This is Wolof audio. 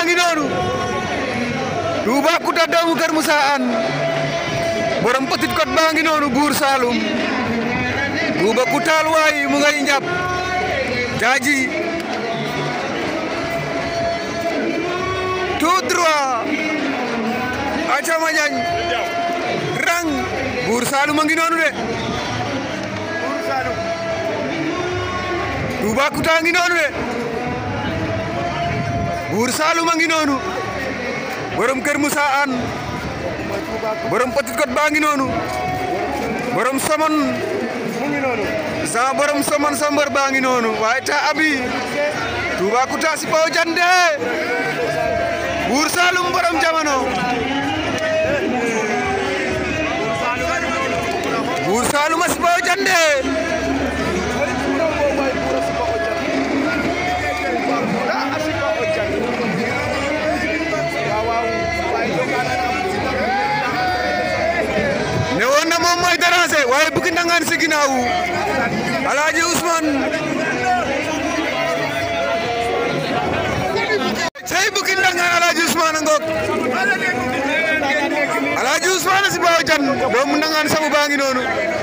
tangi donu duba kuta dawu gar musaan borom petit kot bangi nonu bur salum duba kutal wayi mu ngay njap rang bursa salum angin nonu deh, bur salum duba kuta buur Saalum a ngi noonu borom Kër Moussa Anne borom Petite baa ngi noonu borom Somon sa borom Somon sa baa ngi noonu waaye ta abi Toubacouta si paw jande buur Saalum borom jamono buur Saalum a si paw jande moom mooy déranger waaye Bouki Ndangane si ginnaaw si baaw jan doomu Ndangane sabu baa noonu